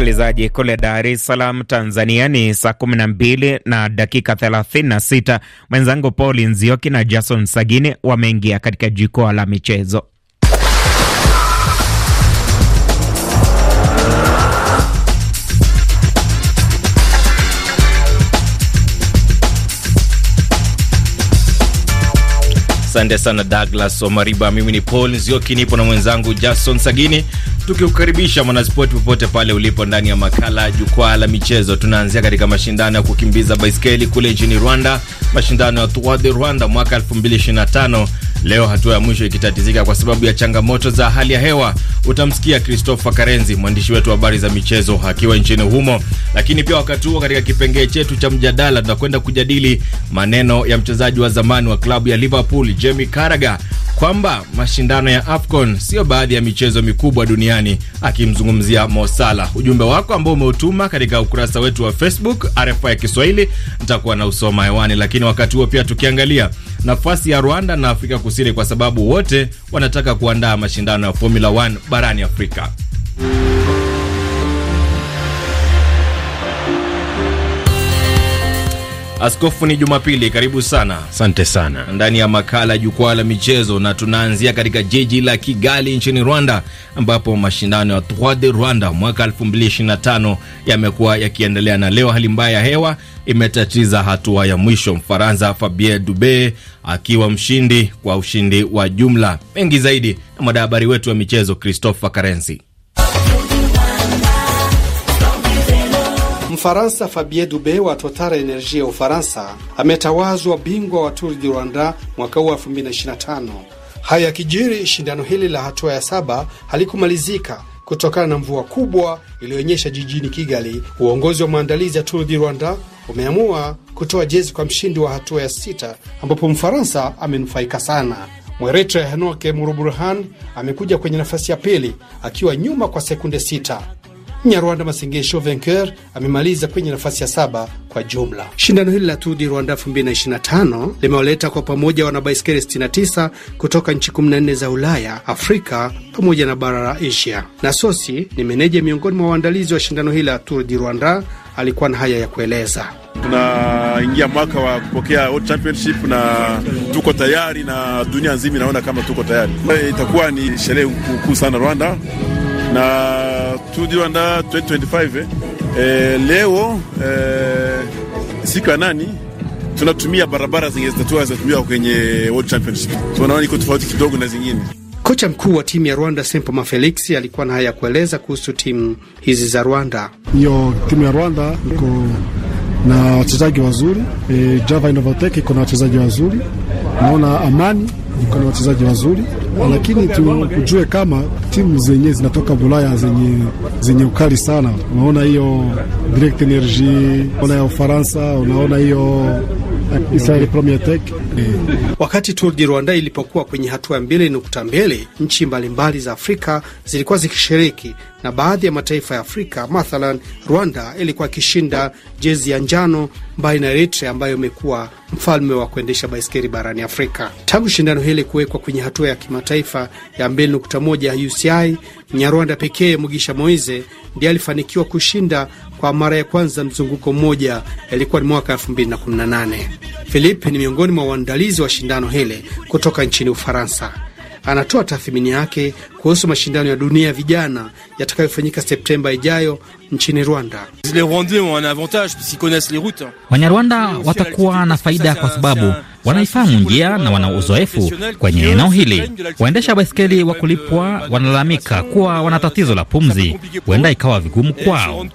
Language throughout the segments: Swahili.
Msikilizaji kule Dar es Salaam, Tanzania ni saa 12 na dakika 36. Mwenzangu Paul Nzioki na Jason Sagini wameingia katika jukwaa la michezo. Asante sana Douglas Omariba. Mimi ni Paul Nzioki, nipo na mwenzangu Jason Sagini, tukikukaribisha mwanaspoti popote pale ulipo ndani ya makala jukwaa la michezo. Tunaanzia katika mashindano ya kukimbiza baiskeli kule nchini Rwanda, mashindano ya Tour de Rwanda mwaka 2025 leo, hatua ya mwisho ikitatizika kwa sababu ya changamoto za hali ya hewa utamsikia Christopher Karenzi, mwandishi wetu wa habari za michezo, akiwa nchini humo. Lakini pia wakati huo, katika kipengee chetu cha mjadala, tunakwenda kujadili maneno ya mchezaji wa zamani wa klabu ya Liverpool Jamie Carragher kwamba mashindano ya AFCON siyo baadhi ya michezo mikubwa duniani, akimzungumzia Mo Salah. Ujumbe wako ambao umeutuma katika ukurasa wetu wa Facebook RFI Kiswahili nitakuwa na usoma hewani, lakini wakati huo pia tukiangalia nafasi ya Rwanda na Afrika Kusini kwa sababu wote wanataka kuandaa mashindano ya Formula 1 barani Afrika. Askofu, ni Jumapili, karibu sana. Asante sana. Ndani ya makala jukwaa la michezo, na tunaanzia katika jiji la Kigali nchini Rwanda, ambapo mashindano ya Tour de Rwanda mwaka 2025 yamekuwa yakiendelea, na leo hali mbaya ya hewa imetatiza hatua ya mwisho, Mfaransa Fabien Dube akiwa mshindi kwa ushindi wa jumla. Mengi zaidi na mwanahabari wetu wa michezo Christopher Karenzi. Mfaransa Fabien Dube wa Total Energi ya Ufaransa ametawazwa bingwa wa Tour du Rwanda mwaka huu 2025. Haya yakijiri, shindano hili la hatua ya saba halikumalizika kutokana na mvua kubwa iliyoonyesha jijini Kigali. Uongozi wa maandalizi ya Tour du Rwanda umeamua kutoa jezi kwa mshindi wa hatua ya sita, ambapo Mfaransa amenufaika sana. Mweretre Henoke Muruburhan amekuja kwenye nafasi ya pili akiwa nyuma kwa sekunde sita. Mnyarwanda Masengesho Venker amemaliza kwenye nafasi ya saba kwa jumla. Shindano hili la Tour du Rwanda 2025 limewaleta kwa pamoja wanabaiskeli 69 kutoka nchi 14 za Ulaya, Afrika pamoja na bara la Asia. Na Sosi ni meneja miongoni mwa waandalizi wa shindano hili la Tour di Rwanda, alikuwa na haya ya kueleza. Tunaingia mwaka wa kupokea World Championship na tuko tayari, na dunia nzima inaona kama tuko tayari. Itakuwa ni sherehe kuu sana Rwanda na tuliandaa 2025 eh. eh, leo eh, siku ya nani tunatumia barabara zenye zitatua zinatumiwa kwenye World Championship, so naona iko tofauti kidogo na zingine. Kocha mkuu wa timu ya Rwanda Sempoma Felix alikuwa na haya ya kueleza kuhusu timu hizi za Rwanda. Hiyo timu ya Rwanda iko na wachezaji wazuri e, Java Innovatech iko na wachezaji wazuri naona amani iko na wachezaji wazuri, lakini tujue kama timu zenye zinatoka Bulaya zenye, zenye ukali sana. Unaona hiyo Direct Energy, unaona ya Ufaransa, unaona hiyo eh, Israel Premier Tech. Wakati Tour du Rwanda ilipokuwa kwenye hatua mbili nukta mbili, nchi mbalimbali za Afrika zilikuwa zikishiriki na baadhi ya mataifa ya Afrika, mathalan Rwanda ilikuwa ikishinda jezi ya njano, mbali na Eritrea ambayo imekuwa mfalme wa kuendesha baiskeli barani Afrika. Tangu shindano hili kuwekwa kwenye hatua ya kimataifa ya 2.1 UCI, Mnyarwanda pekee Mugisha Moize ndiye alifanikiwa kushinda kwa mara ya kwanza mzunguko mmoja, ilikuwa ni mwaka 2018. Philippe ni miongoni mwa waandalizi wa shindano hili kutoka nchini Ufaransa anatoa tathmini yake kuhusu mashindano ya dunia ya vijana yatakayofanyika Septemba ijayo nchini Rwanda. Wanyarwanda watakuwa na faida kwa sababu wanaifahamu njia na wana uzoefu kwenye eneo hili. Waendesha baiskeli wa kulipwa wanalalamika kuwa wana tatizo la pumzi, huenda ikawa vigumu kwao.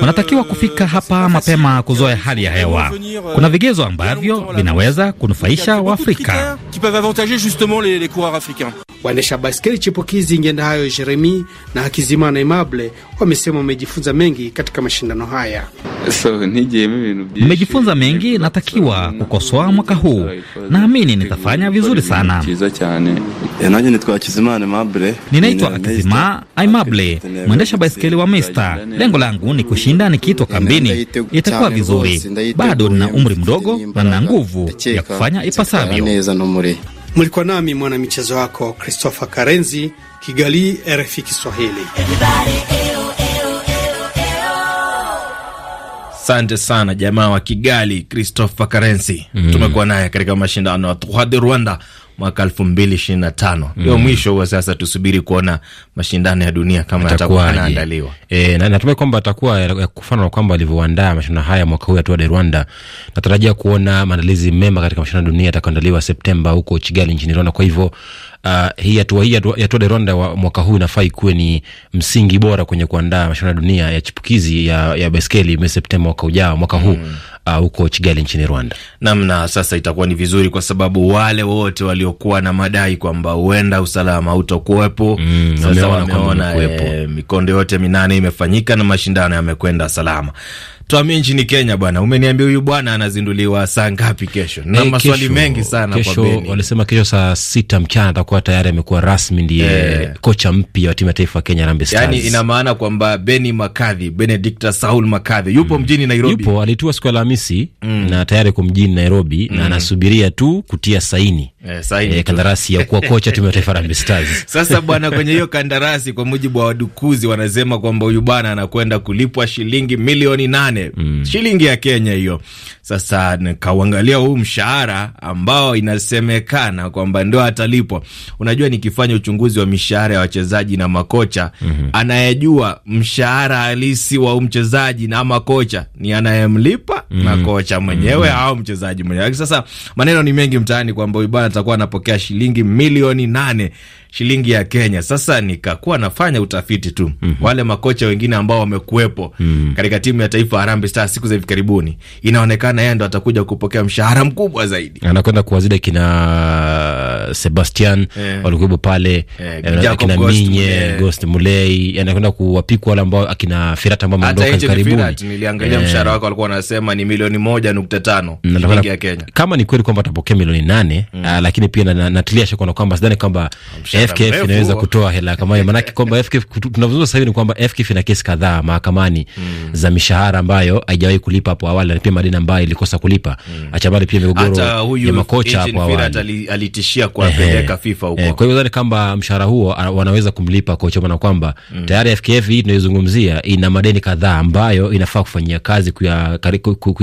Wanatakiwa kufika hapa mapema kuzoea hali ya hewa. Kuna vigezo ambavyo vinaweza kunufaisha Waafrika. Waendesha baiskeli chipukizi hayo Jeremi na Hakizimana Imable wamesema wamejifunza mengi katika mashindano haya. So, nimejifunza mengi, natakiwa kukosoa mwaka huu, naamini nitafanya vizuri sana. Eh, ninaitwa Akizima Aimable, mwendesha baiskeli wa Mista. Lengo langu ni kushinda nikiitwa kambini, itakuwa vizuri. Bado nina umri mdogo na nina nguvu ya kufanya ipasavyo. Mlikuwa nami mwanamichezo wako Christopher Karenzi, Kigali, RFI Kiswahili. Asante sana jamaa wa Kigali, Christopher Karenzi. Mm, tumekuwa naye katika mashindano ya Tour Rwanda mwaka elfu mbili ishirini na tano hiyo mm. Mwisho huo. sasa tusubiri kuona mashindano ya dunia kama yatakuwa yanaandaliwa. E, na, natumai kwamba atakuwa ya na kwamba walivyoandaa mashindano haya mwaka huu ya Tour de Rwanda. Natarajia kuona maandalizi mema katika mashindano ya dunia yatakaandaliwa Septemba huko Kigali nchini Rwanda. Kwa hivyo Uh, hii hatua hii ya Tour de Rwanda wa mwaka huu inafaa ikuwe ni msingi bora kwenye kuandaa mashindano ya dunia ya chipukizi ya, ya baiskeli mwezi Septemba mwaka ujao mwaka huu mm. Uh, huko uh, Kigali nchini Rwanda. Namna sasa itakuwa ni vizuri kwa sababu wale wote waliokuwa na madai kwamba huenda usalama hautokuwepo mm, sasa wameona e, eh, mikondo yote minane imefanyika na mashindano yamekwenda salama. Tuhamie nchini Kenya bwana, umeniambia huyu bwana anazinduliwa saa ngapi kesho? Na hey, maswali kesho, mengi sana kesho, kwa Beni walisema kesho saa sita mchana atakuwa tayari amekuwa rasmi ndiye yeah, kocha mpya wa timu ya taifa Kenya Harambee Stars. Yani ina maana kwamba Beni Makadhi, Benedicta Saul Makadhi yupo mm, mjini Nairobi, yupo alitua siku ya Alhamisi mm, na tayari ko mjini Nairobi mm, na anasubiria tu kutia saini Yeah, e, eh, kandarasi ya kuwa kocha timu ya taifa Harambee Stars. Sasa bwana, kwenye hiyo kandarasi, kwa mujibu wa wadukuzi, wanasema kwamba huyu bwana anakwenda kulipwa shilingi milioni nane mm. shilingi ya Kenya hiyo, sasa nikauangalia huu mshahara ambao inasemekana kwamba ndio atalipwa. Unajua, nikifanya uchunguzi wa mishahara ya wachezaji na makocha mm -hmm. anayejua mshahara halisi wa mchezaji na makocha ni anayemlipa mm -hmm. na kocha mwenyewe mm -hmm. au mchezaji mwenyewe. Sasa maneno ni mengi mtaani kwamba huyu bwana atakuwa anapokea shilingi milioni nane shilingi ya Kenya. Sasa nikakuwa nafanya utafiti tu mm -hmm. wale makocha wengine ambao wamekuwepo mm -hmm. katika timu ya taifa Harambee Stars siku za hivi karibuni, inaonekana yeye ndo atakuja kupokea mshahara mkubwa zaidi, anakwenda kuwazida kina Sebastian yeah. walikuwepo pale yeah. Eh, akina Minye Mulei. Ghost Mulei yani kwenda kuwapikwa wale ambao akina Firata ambao ameondoka hivi karibuni. Niliangalia yeah. mshahara wake walikuwa wanasema ni milioni moja nukta tano mm, shilingi ya Kenya. Kama ni kweli kwamba atapokea milioni nane mm. uh, lakini pia natilia shaka kwamba sidhani kwamba FKF ah, inaweza kutoa hela kama hiyo, maanake kwamba FKF tunavyozungumza sasa hivi ni kwamba FKF ina kesi kadhaa mahakamani mm. za mishahara ambayo haijawahi kulipa hapo awali, na pia madeni ambayo ilikosa kulipa mm. acha pia migogoro ya makocha hapo awali alitishia kuwapeleka FIFA huko. Eh, kwa hiyo nadhani kwamba mshahara huo ah, wanaweza kumlipa kocha, maana kwamba mm. tayari FKF hii tunayozungumzia ina madeni kadhaa ambayo inafaa kufanyia kazi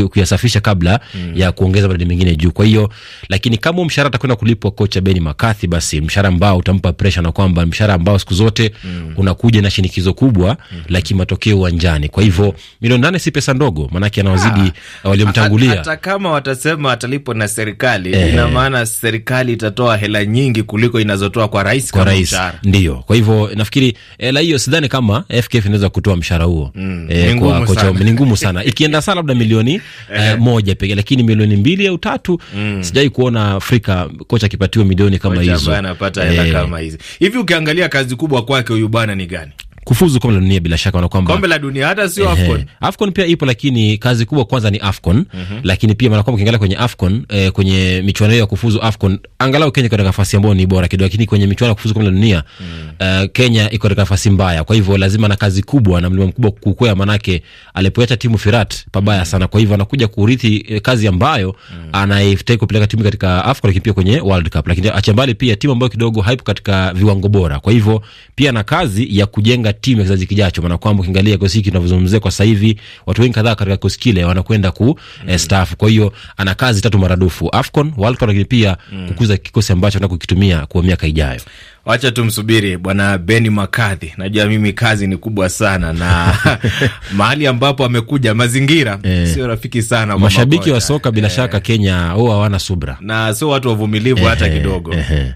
kuyasafisha kuya, kabla mm. ya kuongeza madeni mengine juu. Kwa hiyo lakini kama mshahara atakwenda kulipwa kocha Beni Makathi, basi mshahara ambao utampa presha na kwamba mshahara ambao siku zote mm. unakuja na shinikizo kubwa mm. Mm-hmm. la kimatokeo uwanjani. Kwa hivyo milioni nane si pesa ndogo, maanake anawazidi ah, waliomtangulia. Hata kama watasema atalipwa na serikali, eh. ina maana serikali itatoa hela nyingi kuliko inazotoa kwa rais kwa rais, ndio. Kwa hivyo nafikiri hela eh, hiyo sidhani kama FKF eh, inaweza kutoa mshahara huo mm, e, kwa kocha ni ngumu sana, ikienda sana labda milioni eh, moja pekee, lakini milioni mbili au tatu mm, sijai kuona Afrika kocha akipatiwa milioni kama hizo, anapata hela kama hizi hivi. Ukiangalia kazi kubwa kwake huyu bwana ni gani? kufuzu kombe la dunia bila shaka na kwamba kombe la dunia hata sio AFCON. AFCON pia ipo, lakini kazi kubwa kwanza ni AFCON. Mm -hmm. Lakini pia maana kwamba ukiangalia kwenye AFCON eh, kwenye michuano ya kufuzu AFCON angalau Kenya iko katika nafasi ambayo ni bora kidogo, lakini kwenye michuano ya kufuzu kombe la dunia mm -hmm. uh, Kenya iko katika nafasi mbaya. Kwa hivyo lazima na kazi kubwa na mlima mkubwa kukwea, manake alipoacha timu Firat pabaya mm. sana. Kwa hivyo anakuja kurithi eh, kazi ambayo mm -hmm. anaifuta kupeleka timu katika AFCON, lakini pia kwenye World Cup, lakini achambali pia timu ambayo kidogo haipo katika viwango bora. Kwa hivyo pia na kazi ya kujenga timu ya kizazi kijacho, maana kwamba ukiangalia kikosi hiki tunavyozungumzia kwa sasa hivi, watu wengi kadhaa katika kikosi kile wanakwenda ku eh, mm. eh, staafu. Kwa hiyo ana kazi tatu maradufu, AFCON, World Cup, lakini pia mm. kukuza kikosi ambacho anataka kukitumia kwa miaka ijayo. Wacha tumsubiri bwana Beni Makadhi. Najua mimi kazi ni kubwa sana na mahali ambapo amekuja mazingira e, sio rafiki sana. Mashabiki wa soka bila e, shaka Kenya huwa hawana subra na sio watu wavumilivu e, hata kidogo e, e.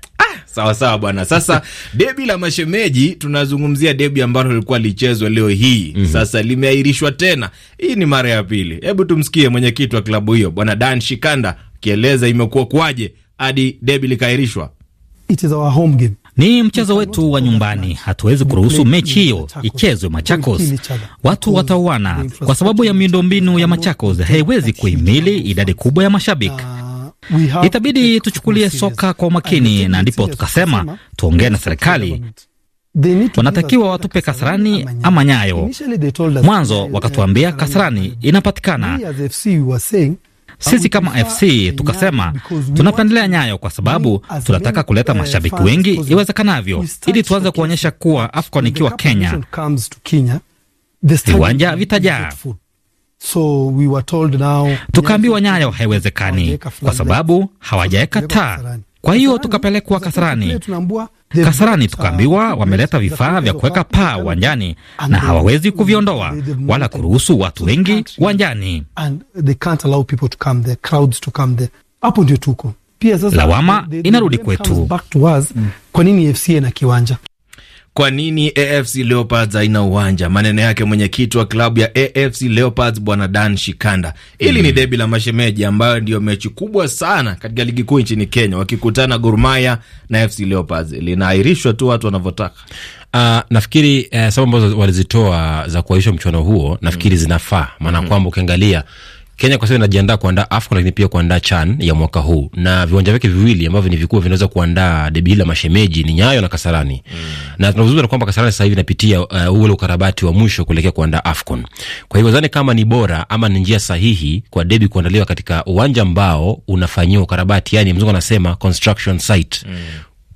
Sawasawa bwana. Sasa debi la mashemeji, tunazungumzia debi ambalo lilikuwa lichezwa leo hii mm -hmm. Sasa limeahirishwa tena, hii ni mara ya pili. Hebu tumsikie mwenyekiti wa klabu hiyo bwana Dan Shikanda akieleza imekuwa kwaje hadi debi likaahirishwa. Ni mchezo wetu wa nyumbani, hatuwezi kuruhusu mechi hiyo ichezwe Machakos. Watu watauana kwa sababu ya miundombinu ya Machakos haiwezi kuhimili idadi kubwa ya mashabiki. Itabidi tuchukulie soka kwa umakini, na ndipo tukasema tuongee na serikali wanatakiwa watupe Kasarani ama Nyayo. Mwanzo uh, wakatuambia Kasarani inapatikana. Sisi kama FC tukasema tunapendelea Nyayo kwa sababu tunataka kuleta uh, mashabiki wengi iwezekanavyo, ili tuanze kuonyesha kuwa AFCON ikiwa Kenya viwanja vitajaa. So we were told now, tukaambiwa Nyayo haiwezekani kwa sababu hawajaweka taa. Kwa hiyo tukapelekwa Kasarani. Kasarani tukaambiwa wameleta vifaa vya kuweka paa uwanjani na hawawezi kuviondoa wala kuruhusu watu wengi uwanjani. Hapo ndio tuko. Lawama inarudi kwetu. Mm. Kwa nini FC na kiwanja? kwa nini AFC Leopards haina uwanja? Maneno yake mwenyekiti wa klabu ya AFC Leopards Bwana Dan Shikanda. Hili mm. ni debi la mashemeji ambayo ndio mechi kubwa sana katika ligi kuu nchini Kenya, wakikutana Gor Mahia na AFC Leopards. Linaahirishwa tu watu wanavyotaka. Uh, nafikiri uh, sababu ambazo walizitoa za kuahirisha mchuano huo nafikiri mm. zinafaa maana mm kwamba ukiangalia Kenya kwa sasa inajiandaa kuandaa AFCON lakini pia kuandaa CHAN ya mwaka huu, na viwanja vyake viwili ambavyo ni vikubwa vinaweza kuandaa debi hili la mashemeji ni Nyayo na Kasarani mm. na tunavyozungumza ni kwamba Kasarani sasa hivi inapitia uh, ule ukarabati wa mwisho kuelekea kuandaa AFCON. Kwa hivyo zani kama ni bora ama ni njia sahihi kwa debi kuandaliwa katika uwanja ambao unafanyiwa ukarabati, yani mzungu anasema construction site mm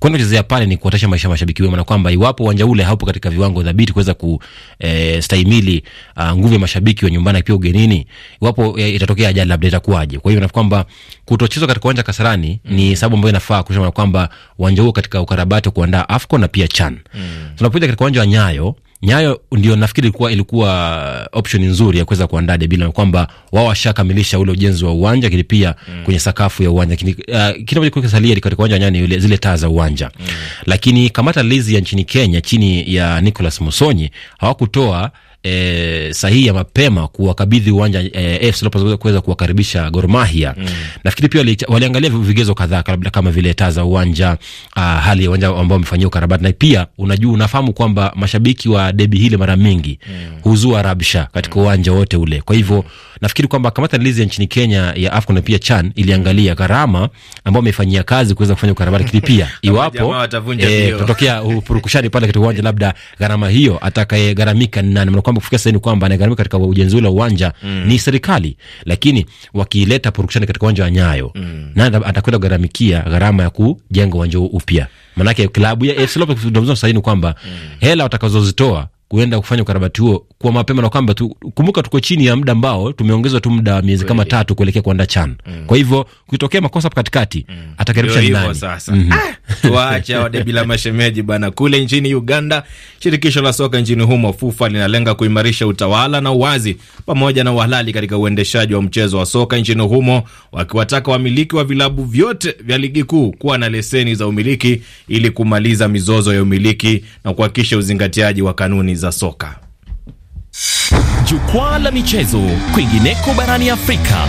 kwenda kuchezea pale ni kuotesha maisha mashabiki wema, na kwamba iwapo uwanja ule haupo katika viwango dhabiti kuweza kustahimili eh, e, ah, nguvu ya mashabiki wa nyumbani pia ugenini, iwapo e, itatokea ajali labda itakuwaje? Kwa hiyo na kwamba kutochezwa katika uwanja Kasarani mm. ni sababu ambayo inafaa kusema kwamba uwanja huo katika ukarabati wa kuandaa AFCON na pia CHAN mm. tunapokuja katika uwanja wa Nyayo Nyayo ndio nafikiri ilikuwa, ilikuwa uh, option nzuri ya kuweza kuandaa debila kwamba wao washakamilisha ule ujenzi wa uwanja, lakini pia mm. kwenye sakafu ya uwanja kini, uh, kinachokuwa kisalia katika uwanja wa Nyayo zile taa za uwanja mm. lakini kamata lizi ya nchini Kenya chini ya Nicholas Musonyi hawakutoa e, sahihi ya mapema kuwakabidhi uwanja e, AFC Leopards kuweza kuwakaribisha Gor Mahia mm. Nafikiri pia waliangalia vigezo kadhaa labda kama vile taa za uwanja uh, hali ya uwanja ambao umefanyia ukarabati, na pia unajua, unafahamu kwamba mashabiki wa debi hili mara mingi mm. huzua rabsha katika mm. uwanja mm. wote ule. Kwa hivyo mm. nafikiri kwamba kamati andalizi ya nchini Kenya ya AFCON na pia CHAN iliangalia gharama ambao amefanyia kazi kuweza kufanya ukarabati, lakini pia iwapo e, kutokea upurukushani pale katika uwanja, labda gharama hiyo atakayegharamika ni nani? kwamba kufikia sasa ni kwamba anagharamika katika ujenzi ule uwanja mm. ni serikali, lakini wakileta purukushani katika uwanja wa Nyayo mm. na atakwenda kugharamikia gharama ya kujenga uwanja upya, maanake klabu ya AFC Leopards sasa ni kwamba mm. hela watakazozitoa kuenda kufanya ukarabati huo kwa mapema, na kwamba tu kumbuka, tuko chini ya muda ambao tumeongezwa tu muda wa miezi kama tatu kuelekea kuandaa CHAN mm. Kwa hivyo kutokea makosa hapo katikati mm. atakaribisha ni nani sasa? mm -hmm. Ah, Waacha wade bila mashemeji bana. Kule nchini Uganda, shirikisho la soka nchini humo FUFA linalenga kuimarisha utawala na uwazi pamoja na uhalali katika uendeshaji wa mchezo wa soka nchini humo, wakiwataka wamiliki wa vilabu vyote vya ligi kuu kuwa na leseni za umiliki ili kumaliza mizozo ya umiliki na kuhakikisha uzingatiaji wa kanuni za soka. Jukwaa la michezo kwingineko barani Afrika.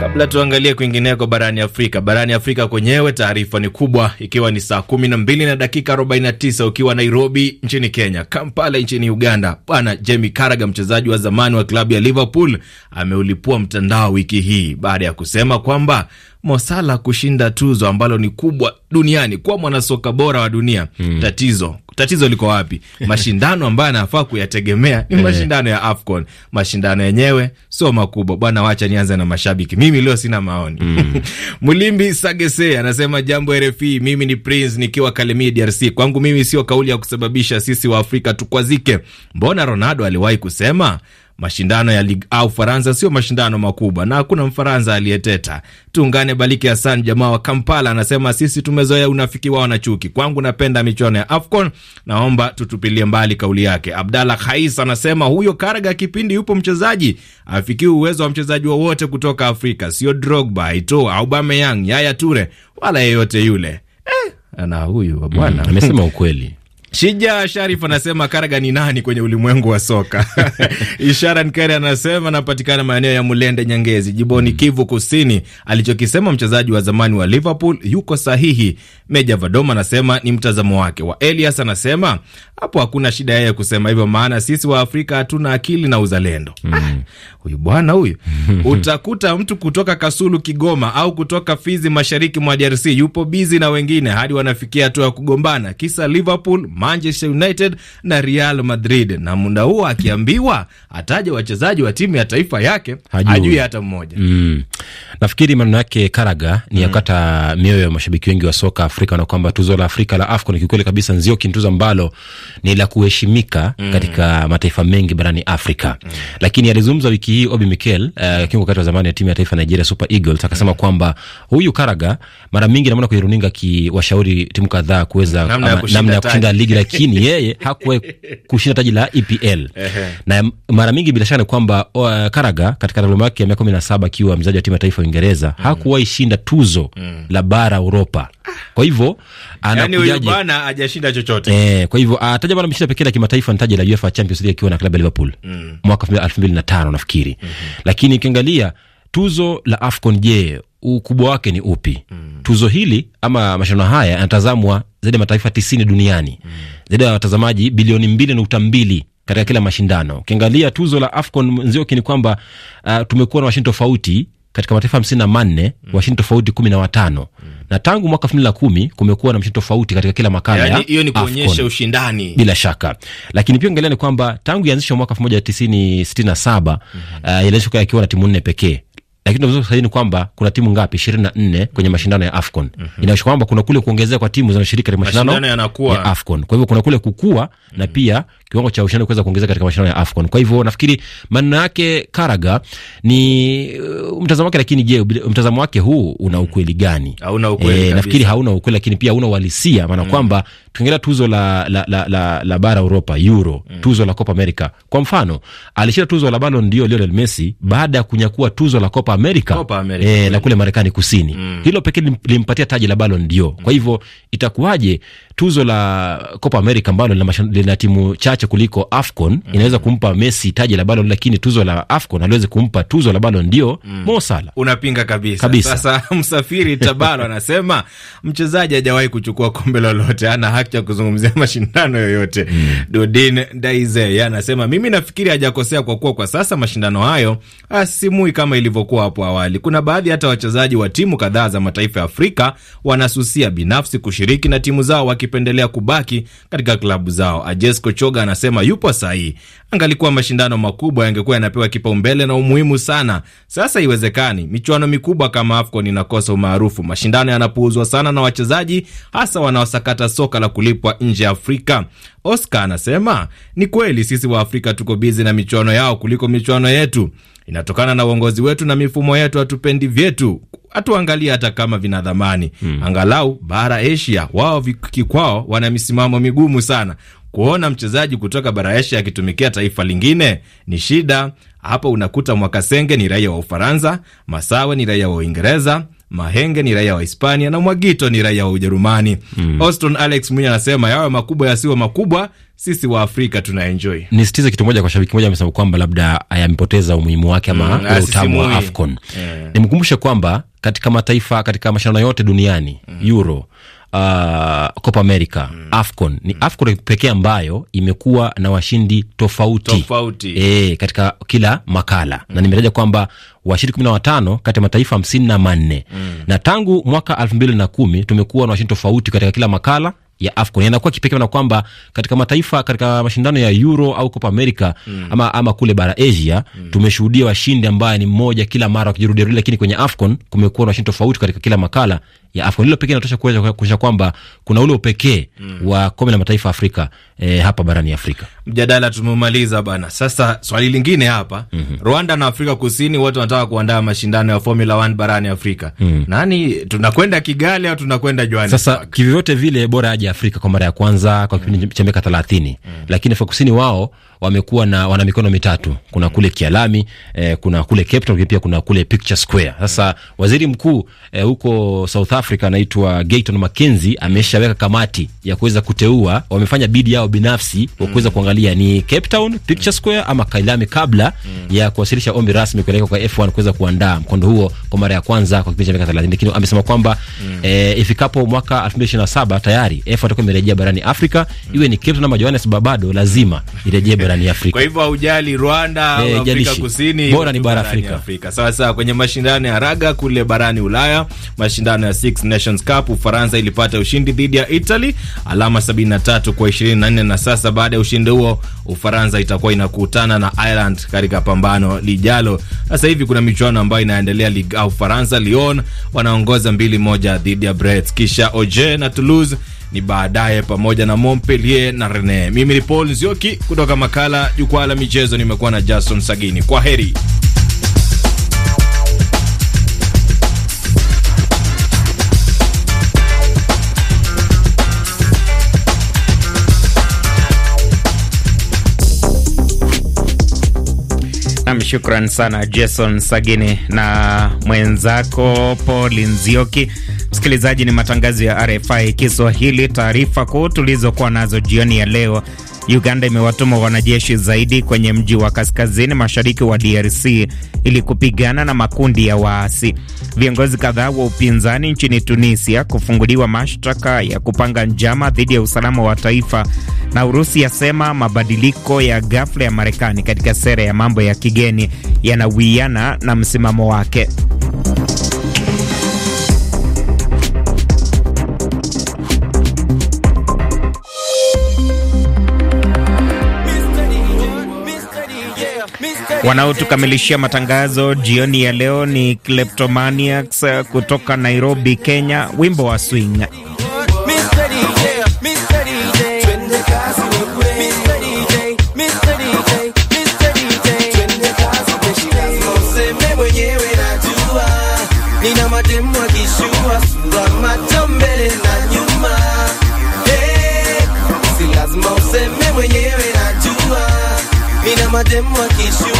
Kabla tuangalie kwingineko barani Afrika, barani Afrika kwenyewe taarifa ni kubwa, ikiwa ni saa 12 na dakika 49 ukiwa Nairobi nchini Kenya, Kampala nchini Uganda. Bwana Jamie Carragher, mchezaji wa zamani wa klabu ya Liverpool, ameulipua mtandao wiki hii baada ya kusema kwamba Mosala kushinda tuzo ambalo ni kubwa duniani kuwa mwanasoka bora wa dunia hmm. Tatizo tatizo liko wapi? Mashindano ambayo anafaa kuyategemea ni eh. mashindano ya AFCON. Mashindano yenyewe sio makubwa bwana. Wacha nianze na mashabiki, mimi leo sina maoni mm. Mlimbi Sagese anasema jambo RFI, mimi ni Prince nikiwa Kalemie, DRC. Kwangu mimi sio kauli ya kusababisha sisi wa Afrika tukwazike. Mbona Ronaldo aliwahi kusema Mashindano ya Ligue A Ufaransa sio mashindano makubwa na hakuna Mfaransa aliyeteta. Tuungane Baliki Hassan, jamaa wa Kampala, anasema sisi tumezoea unafiki wao na chuki. Kwangu napenda michuano ya AFCON, naomba tutupilie mbali kauli yake. Abdalla Khais anasema huyo Karaga kipindi yupo mchezaji afikii uwezo wa mchezaji wowote kutoka Afrika, sio Drogba, Eto'o, Aubameyang, Yaya Toure wala yeyote yule eh. ana huyu bwana mm, amesema ukweli Shija Sharif anasema Karaga ni nani kwenye ulimwengu wa soka? Ishara Nkere anasema anapatikana maeneo ya Mulende Nyangezi, jimboni Kivu Kusini. Alichokisema mchezaji wa zamani wa Liverpool yuko sahihi. Meja Vadoma anasema ni mtazamo wake wa Elias. Anasema hapo hakuna shida yeye kusema hivyo, maana sisi wa Afrika hatuna akili na uzalendo. Mm. Ah, huyu bwana huyu utakuta mtu kutoka Kasulu, Kigoma au kutoka Fizi, mashariki mwa DRC yupo bizi na wengine hadi wanafikia hatua ya kugombana, kisa Liverpool Manchester United na Real Madrid, na muda huo akiambiwa ataja wachezaji wa timu ya taifa yake hajui hata mmoja. Mm. Nafikiri maneno yake Karaga ni mm. yakata mm. mioyo ya mashabiki wengi wa soka Afrika na kwamba tuzo la Afrika la AFCON kiukweli kabisa nzio kintuzo ambalo ni la kuheshimika mm. katika mataifa mengi barani Afrika mm. lakini alizungumza wiki hii Obi Mikel uh, eh, kiungo kati wa zamani ya timu ya taifa ya Nigeria Super Eagles akasema mm. kwamba huyu Karaga mara mingi namona kwenye runinga akiwashauri timu kadhaa kuweza namna ya kushinda ligi ligi, lakini yeye hakuwahi kushinda taji la EPL na mara mingi bila shaka ni kwamba uh, Karaga katika taaluma yake ya miaka kumi na saba akiwa mchezaji wa timu ya taifa ya Uingereza mm. hakuwahi shinda tuzo mm. la bara Europa. Kwa hivyo yaani anakujaje Yani bwana hajashinda chochote eh? Kwa hivyo ataja ah, bwana mshinda pekee la kimataifa ni taji la UEFA Champions League akiwa na klabu ya Liverpool mm. mwaka 2005 nafikiri mm -hmm. lakini ukiangalia tuzo la AFCON, je, ukubwa wake ni upi? mm. Tuzo hili ama mashindano haya yanatazamwa zaidi ya mataifa tisini duniani mm. zaidi ya watazamaji bilioni mbili nukta mbili katika kila mashindano. Ukiangalia tuzo la AFCON Nzioki, ni kwamba uh, tumekuwa na washindi tofauti katika mataifa hamsini na manne mm. washindi tofauti kumi na watano mm. na tangu mwaka elfu mbili na kumi kumekuwa na mshindi tofauti katika kila makala yaani, ya hiyo. Ni kuonyesha ushindani bila shaka, lakini pia ngalia ni kwamba tangu ianzishwa mwaka elfu moja tisini sitini na saba mm -hmm. uh, ilianzishwa yakiwa na timu nne pekee lakini vizuri sasa ni kwamba kuna timu ngapi ishirini na nne kwenye mashindano ya AFCON. mm -hmm. Inaonyesha kwamba kuna kule kuongezea kwa timu zinashiriki katika mashindano ya AFCON, kwa hivyo kuna kule kukua na mhm. pia kiwango cha ushindani kuweza kuongezeka katika mashindano ya AFCON. Kwa hivyo nafikiri maana yake Karaga ni uh, mtazamo wake, lakini je, mtazamo wake huu una ukweli gani? Hauna ukweli e, nafikiri hauna ukweli, lakini pia hauna uhalisia maana mm. kwamba tukiangalia tuzo la, la, la, la, la bara Europa Euro mm. tuzo la Copa America kwa mfano, alishinda tuzo la Ballon d'Or Lionel Messi baada ya kunyakua tuzo la Copa America, Copa America e, na kule Marekani Kusini mm. hilo pekee limpatia taji la Ballon d'Or. Kwa mm. hivyo itakuwaje tuzo la Copa America ambalo lina, timu chache kuliko AFCON mm inaweza kumpa Messi taji la balo, lakini tuzo la AFCON aliwezi kumpa tuzo la balo ndio mm. Mo Salah. Unapinga kabisa, kabisa. Sasa msafiri Tabalo anasema mchezaji hajawahi kuchukua kombe lolote, ana haki ya kuzungumzia mashindano yoyote mm. Dodin Daize anasema mimi nafikiri hajakosea kwa kuwa kwa sasa mashindano hayo asimui kama ilivyokuwa hapo awali. Kuna baadhi hata wachezaji wa timu kadhaa za mataifa ya Afrika wanasusia binafsi kushiriki na timu zao waki wakipendelea kubaki katika klabu zao. Ajes Kochoga anasema yupo sahihi, angalikuwa mashindano makubwa yangekuwa yanapewa kipaumbele na umuhimu sana. Sasa iwezekani michuano mikubwa kama AFCON inakosa umaarufu, mashindano yanapuuzwa sana na wachezaji, hasa wanaosakata soka la kulipwa nje ya Afrika. Oscar anasema ni kweli, sisi wa Afrika tuko bizi na michuano yao kuliko michuano yetu inatokana na uongozi wetu na mifumo yetu, hatupendi vyetu hatuangalia hata kama vina dhamani hmm. Angalau bara Asia wao kikwao wana misimamo migumu sana. Kuona mchezaji kutoka bara Asia akitumikia taifa lingine ni shida. Hapa unakuta Mwakasenge ni raia wa Ufaransa, Masawe ni raia wa Uingereza Mahenge ni raia wa Hispania na Mwagito ni raia wa Ujerumani. Mm. Austin Alex Mwinyi anasema yawe makubwa yasiwe makubwa, sisi wa Afrika tuna enjoy. Nisitize kitu moja kwa shabiki moja amesema kwamba labda ayampoteza umuhimu wake ama mm, utamu wa AFCON. Yeah. Nimkumbushe kwamba katika mataifa katika mashindano yote duniani mm. Euro uh, Copa America mm. AFCON ni mm. AFCON pekee ambayo imekuwa na washindi tofauti, tofauti. E, katika kila makala mm. na nimetaja kwamba washindi kumi na watano kati ya mataifa hamsini na manne mm. na tangu mwaka elfu mbili na kumi tumekuwa na washindi tofauti katika kila makala ya AFCON yanakuwa kipekee na kwamba katika mataifa katika mashindano ya Euro au Copa America mm. ama, ama kule bara Asia mm. tumeshuhudia washindi ambaye ni mmoja kila mara wakijirudiarudi, lakini kwenye AFCON kumekuwa na washindi tofauti katika kila makala ya AFCON. Hilo pekee inatosha kuonyesha kwamba kuna ule upekee mm. wa kombe la mataifa Afrika e, hapa barani Afrika. Mjadala tumeumaliza bana. Sasa swali lingine hapa mm -hmm. Rwanda na Afrika Kusini wote wanataka kuandaa mashindano ya Formula 1 barani Afrika mm. Nani tunakwenda Kigali au tunakwenda Johannesburg? Sasa kivyote vile bora aje Afrika kwa mara ya kwanza kwa kipindi mm. cha miaka thelathini mm. lakini Afrika Kusini wao wamekuwa na wana mikono mitatu, kuna kule Kialami eh, kuna kule Cape Town, pia kuna kule Picture Square. Sasa waziri mkuu eh, huko South Africa anaitwa Gayton Mackenzie ameshaweka kamati ya kuweza kuteua, wamefanya bidi yao binafsi wa kuweza mm. kuangalia ni Cape Town, Picture Square ama Kialami kabla mm. ya kuwasilisha ombi rasmi kuelekea kwa F1 kuweza kuandaa mkondo huo kwa mara ya kwanza kwa kipindi cha miaka 30, lakini amesema kwamba mm. eh, ifikapo mwaka 2027 tayari F1 itakuwa imerejea barani Afrika, iwe ni Cape Town ama Johannesburg, bado lazima irejee barani Afrika. Kwa hivyo haujali Rwanda au e, Afrika Kusini, bora ni bara Afrika. Afrika. Sawa sawa. Kwenye mashindano ya raga kule barani Ulaya, mashindano ya Six Nations Cup, Ufaransa ilipata ushindi dhidi ya Italy alama 73 kwa 24, na sasa baada ya ushindi huo Ufaransa itakuwa inakutana na Ireland katika pambano lijalo. Sasa hivi kuna michuano ambayo inaendelea Ligue 1 Ufaransa, Lyon wanaongoza mbili moja dhidi ya Brest, kisha Auxerre na Toulouse ni baadaye, pamoja na Montpellier na Rene. Mimi ni Paul Nzioki kutoka makala Jukwaa la Michezo, nimekuwa na Jason Sagini. Kwa heri. Shukran sana Jason Sagini na mwenzako Paul Nzioki. Msikilizaji, ni matangazo ya RFI Kiswahili. Taarifa kuu tulizokuwa nazo jioni ya leo: Uganda imewatuma wanajeshi zaidi kwenye mji wa kaskazini mashariki wa DRC ili kupigana na makundi ya waasi. Viongozi kadhaa wa upinzani nchini Tunisia kufunguliwa mashtaka ya kupanga njama dhidi ya usalama wa taifa, na Urusi yasema mabadiliko ya ghafla ya Marekani katika sera ya mambo ya kigeni yanawiana na msimamo wake. Wanaotukamilishia matangazo jioni ya leo ni Kleptomaniacs eh, kutoka Nairobi, Kenya, wimbo wa swing. Mademu akishua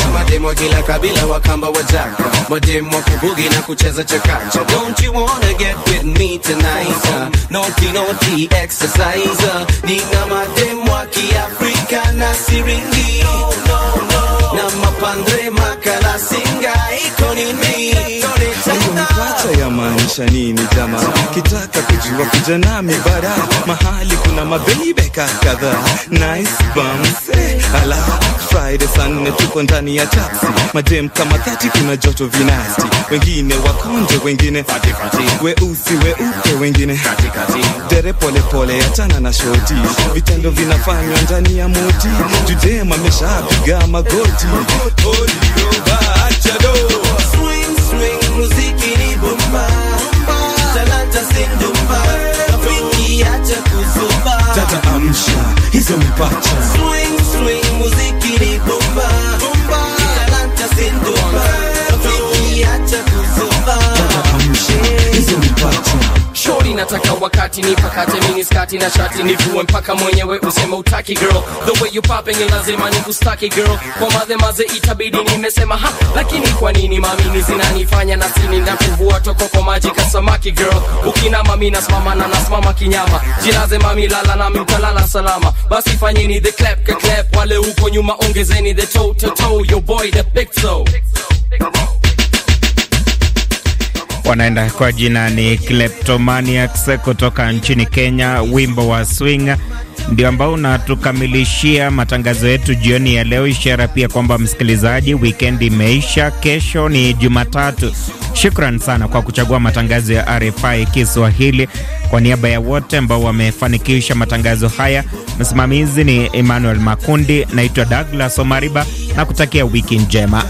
mademo kila kabila wakamba wajaka mademo kubugi na kucheza chakacha don't you wanna get with me tonight naughty naughty exercise nina mademo wa kiafrika na siringi no, no, no. na mapandre makala singa iko ni mimi hata yamaanisha nini jamaa. Kitaka kujua kuja nami bara, mahali kuna mabebe kadhaa, nice bumps eh, ala Friday saa tuko ndani ya taxi, madem kama thati, kuna joto vinasti, wengine wakonje, wengine weusi weupe, wengine dere pole polepole, achana na shoti, vitendo vinafanywa ndani ya moti, judema ameshapiga magoti kuzumba, talanta sindumba, rafiki acha kuzumba, tata amsha hizo mapacha, swing swing, muziki ni bomba, bomba, talanta sindumba, rafiki acha kuzumba, tata amsha hizo mapacha Shori nataka wakati ni pakate mini skati na shati ni nivue mpaka mwenyewe usema utaki girl The way you popping ni lazima ni kustaki girl Kwa madhe maze itabidi nimesema ha Lakini kwa nini mami mamini zinanifanya na sini na Nakuvua toko kwa maji kasamaki girl Ukina mami nasimama na nasimama kinyama Jilaze mami lala na mtalala salama Basi fanyeni the clap ka clap Wale huko nyuma ongezeni the toe to toe Your boy the big toe, big toe, big toe wanaenda kwa jina ni Kleptomaniacs kutoka nchini Kenya. Wimbo wa swing ndio ambao unatukamilishia matangazo yetu jioni ya leo, ishara pia kwamba msikilizaji, wikendi imeisha. Kesho ni Jumatatu. Shukran sana kwa kuchagua matangazo ya RFI Kiswahili. Kwa niaba ya wote ambao wamefanikisha matangazo haya, msimamizi ni Emmanuel Makundi, naitwa Douglas Omariba na kutakia wiki njema.